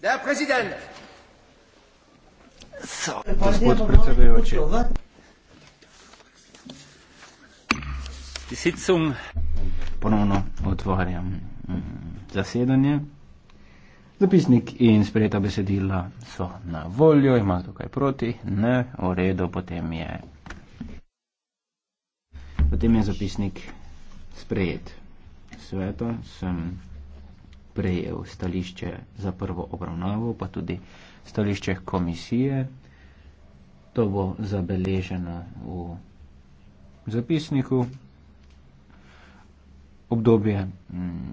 Da, prezident. So, gospod predsedujoči. Sicum ponovno otvarjam mm, zasedanje. Zapisnik in sprejeta besedila so na voljo, ima tukaj proti, ne, v redu, potem je. Potem je zapisnik sprejet. Sveto sem sprejel stališče za prvo obravnavo, pa tudi stališče komisije. To bo zabeleženo v zapisniku. Obdobje mm,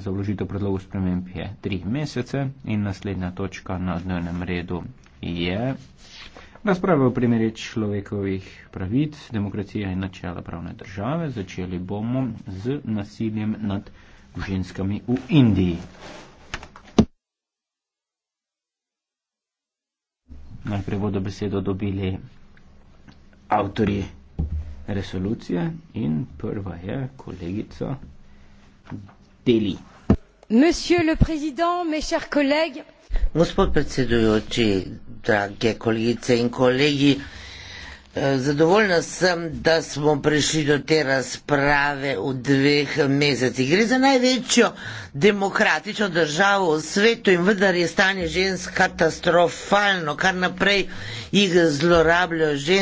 za vložitev predlogov sprememb je tri mesece in naslednja točka na dnevnem redu je razprava o primeri človekovih pravic, demokracije in načela pravne države. Začeli bomo z nasiljem nad ženskami v Indiji. Najprej bodo besedo dobili avtori resolucije in prva je kolegica Deli. Monsieur le président, mes chers collègues. Gospod predsedujoči, drage kolegice in kolegi, Zadovoljna sem, da smo prišli do te razprave v dveh mesecih. Gre za največjo demokratično državo v svetu in vendar je stanje žensk katastrofalno, kar naprej jih zlorabljajo žensk.